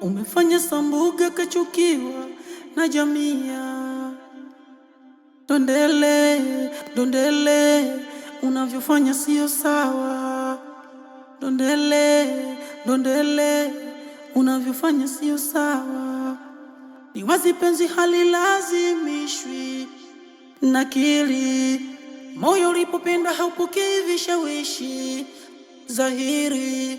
Umefanya Sambuga kachukiwa na jamia. Dondele, dondele, unavyofanya sio sawa. Dondele, dondele, unavyofanya sio sawa. Ni wazi penzi halilazimishwi na Moyo ulipopenda haupokei vishawishi dhahiri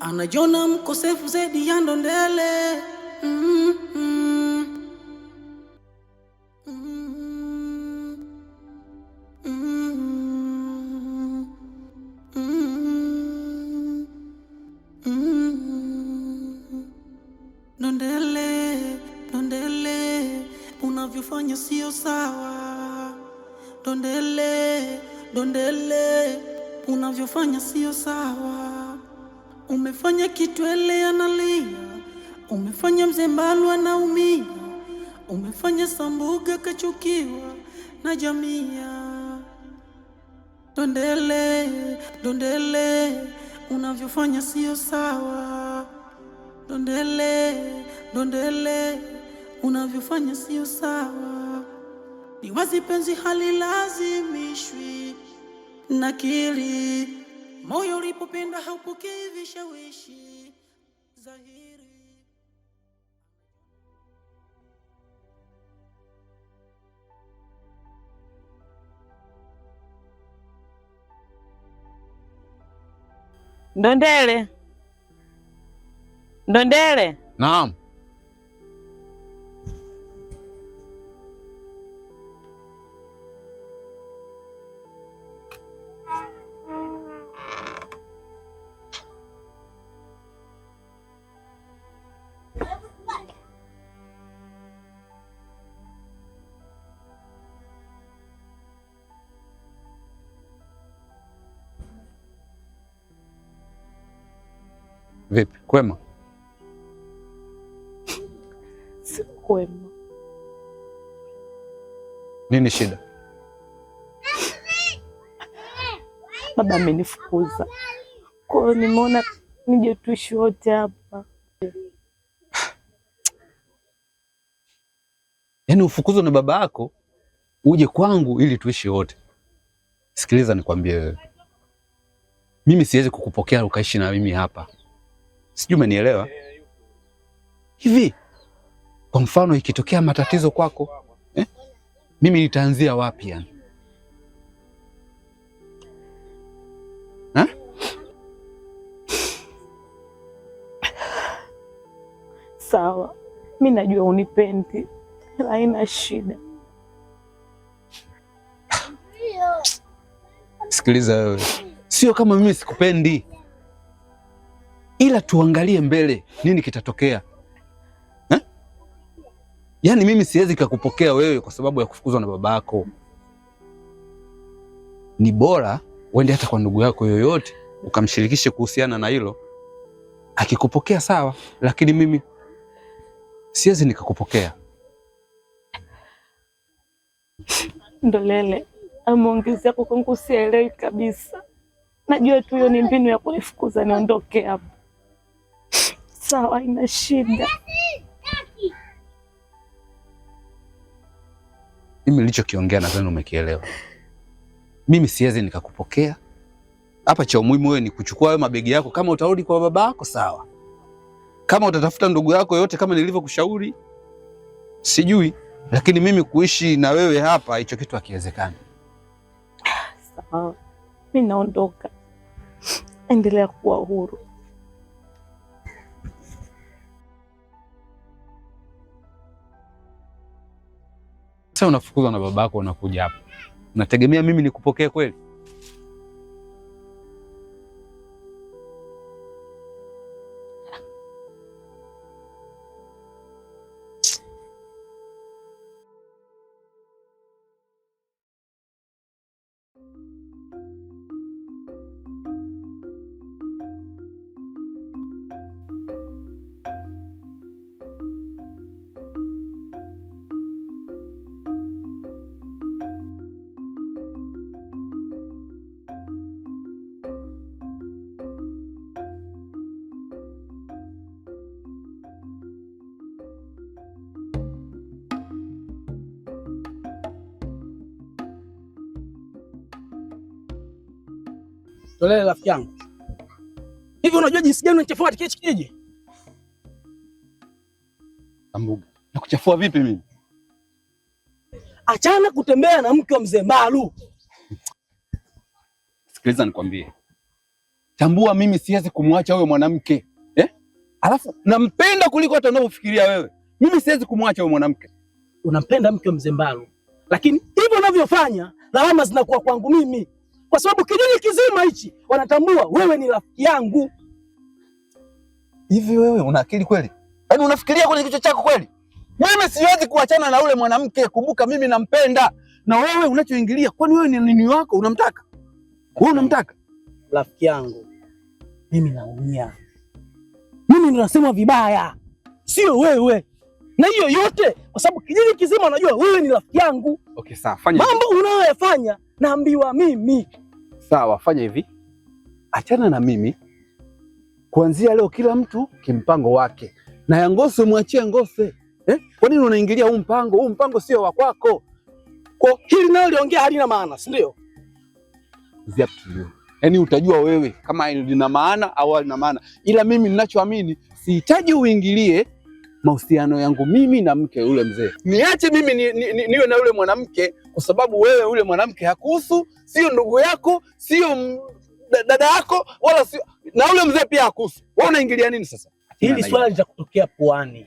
anajona mkosefu zaidi ya ndondele. Mm-hmm. Ndondele, ndondele, unavyofanya sio sawa. Ndondele, ndondele, unavyofanya sio sawa. Umefanya Kitwele analia, umefanya mzembalwa anaumia, umefanya Sambuga kachukiwa na jamia. Dondele, Dondele, unavyofanya sio sawa. Dondele, Dondele, unavyofanya sio sawa. Ni wazi penzi halilazimishwi, nakili moyo ulipopenda haupokei vishawishi dhahiri. Ndondele, Ndondele. Naam. Vipi, kwema? Si kwema. Nini shida? Baba amenifukuza, kwa hiyo nimeona nije tuishi wote hapa. Yaani ufukuzwe na baba yako uje kwangu ili tuishi wote? Sikiliza nikwambie wewe, mimi siwezi kukupokea ukaishi na mimi hapa Sijui umenielewa. Hivi kwa mfano ikitokea matatizo kwako eh, mimi nitaanzia wapi yani? Sawa, mi najua unipendi, ila haina shida. Sikiliza wewe, sio kama mimi sikupendi ila tuangalie mbele, nini kitatokea eh? Yaani mimi siwezi kakupokea wewe kwa sababu ya kufukuzwa na baba yako. Ni bora uende hata kwa ndugu yako yoyote ukamshirikishe kuhusiana na hilo. Akikupokea sawa, lakini mimi siwezi nikakupokea. Ndolele, maongezi yako kwangu sielewi kabisa. Najua tu hiyo ni mbinu ya kunifukuza niondoke hapa sawa, haina shida. Mimi nilichokiongea nadhani umekielewa. Mimi siwezi nikakupokea hapa. Cha umuhimu wewe ni kuchukua hayo mabegi yako, kama utarudi kwa baba yako sawa, kama utatafuta ndugu yako yote kama nilivyokushauri, sijui, lakini mimi kuishi na wewe hapa, hicho kitu hakiwezekani. Sawa, mimi naondoka, endelea kuwa huru. Sasa unafukuzwa na babako, unakuja hapa, unategemea mimi nikupokee kweli? Tolele rafiki yangu. Hivi unajua jinsi gani unachafua katika hichi kijiji? Ambuga. Na kuchafua vipi mimi? Achana kutembea na mke wa mzee Malu. Sikiliza nikwambie. Tambua mimi siwezi kumwacha huyo mwanamke. Eh? Alafu nampenda kuliko hata unavyofikiria wewe. Mimi siwezi kumwacha huyo mwanamke. Unampenda mke wa mzee Malu. Lakini hivyo unavyofanya lawama zinakuwa kwangu mimi kwa sababu kijiji kizima hichi wanatambua wewe ni rafiki yangu. Hivi wewe una akili kweli? Yaani unafikiria kwenye kichwa chako kweli? Mimi siwezi kuachana na ule mwanamke, kumbuka mimi nampenda. Na wewe unachoingilia, kwani wewe ni nini wako? Unamtaka wewe, unamtaka rafiki yangu? Mimi naumia, mimi ninasema vibaya, sio wewe. Na hiyo yote kwa sababu kijiji kizima wanajua wewe ni rafiki yangu. Okay, sawa, fanya mambo unayoyafanya naambiwa mimi sawa, fanya hivi, achana na mimi kuanzia leo, kila mtu kimpango wake, na ya Ngose mwachie Ngose eh? Kwa nini unaingilia huu mpango? Huu mpango sio wa kwako, kwa hili nalo liongea halina maana, si ndio? Yaani utajua wewe kama lina maana au halina maana, ila mimi ninachoamini, sihitaji uingilie mahusiano yangu mimi na mke yule mzee. Niache mimi ni, ni, ni, niwe na yule mwanamke kwa sababu wewe ule mwanamke hakuhusu, sio ndugu yako, sio dada yako, wala sio na ule mzee pia hakuhusu. Wewe unaingilia nini sasa? Hili swala litakutokea puani.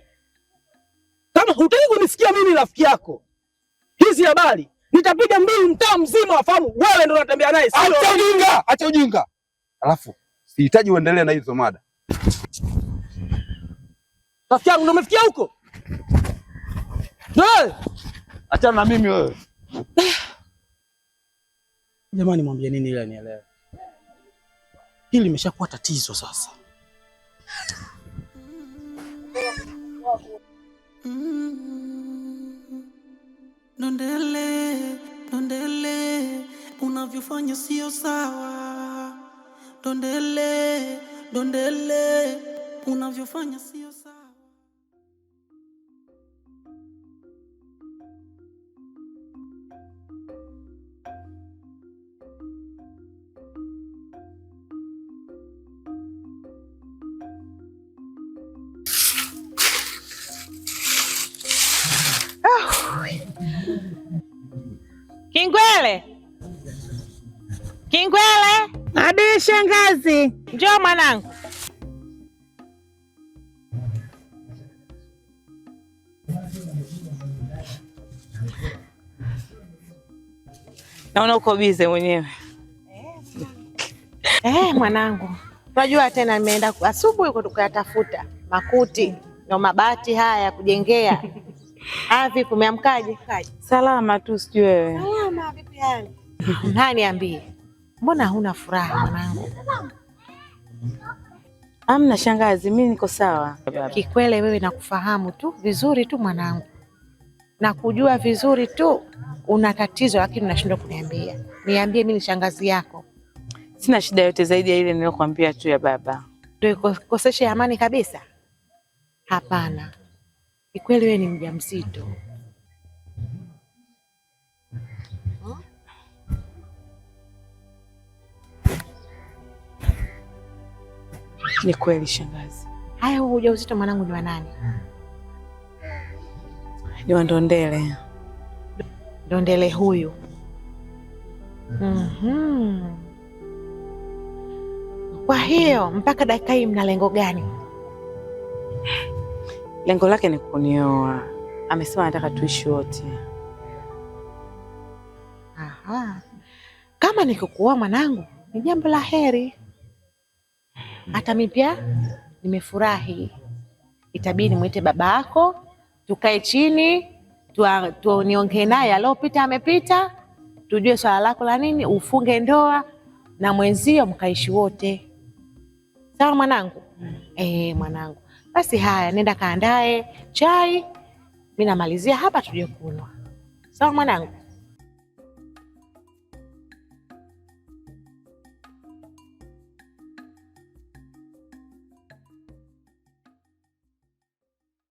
Kama hutaki kunisikia mimi rafiki yako hizi habari, nitapiga mbili mtaa mzima afahamu wewe ndio unatembea naye. Acha ujinga, acha ujinga. Alafu sihitaji uendelee na hizo mada. Rafiki yangu ndio umefikia huko? Ndio. Achana na mimi wewe. Jamani, mwambie nini ile nielewe. Hili limeshakuwa tatizo sasa. Nondele, Nondele, unavyofanya sio sawa. Nondele, Nondele, unavyofanya sio shangazi, njoo mwanangu. Naona uko bize mwenyewe eh, eh, mwanangu. Unajua tena nimeenda asubuhi huko tukayatafuta makuti na mabati haya ya kujengea. Avi, kumeamkaje? Salama tu, sijui wewe. Salama vipi hali? Ah, Nani ambie Mbona huna furaha mwanangu? Amna shangazi, mimi niko sawa. Kikwele wewe nakufahamu tu vizuri tu mwanangu, nakujua vizuri tu. Una tatizo lakini unashindwa kuniambia. Niambie, mimi ni shangazi yako. Sina shida yote zaidi ya ile niliyokuambia tu ya baba. Ndio ikoseshe amani kabisa? Hapana, kikwele wewe ni mjamzito. Ni kweli shangazi. Haya, huu ujauzito mwanangu ni wa nani? Hmm. Ni wa Ndondele. Ndondele huyu. Mm -hmm. Mm-hmm. Kwa hiyo mpaka dakika hii mna lengo gani? Lengo lake ni kunioa. Amesema anataka tuishi wote. Aha. Kama nikukuoa mwanangu, ni jambo la heri hata mimi pia nimefurahi. Itabidi nimwite baba yako tukae chini niongee naye, aliopita amepita, tujue swala lako la nini, ufunge ndoa na mwenzio mkaishi wote sawa, mwanangu. Mm. E, mwanangu, basi haya, nenda kaandae chai, mi namalizia hapa, tuje kunywa. Sawa mwanangu.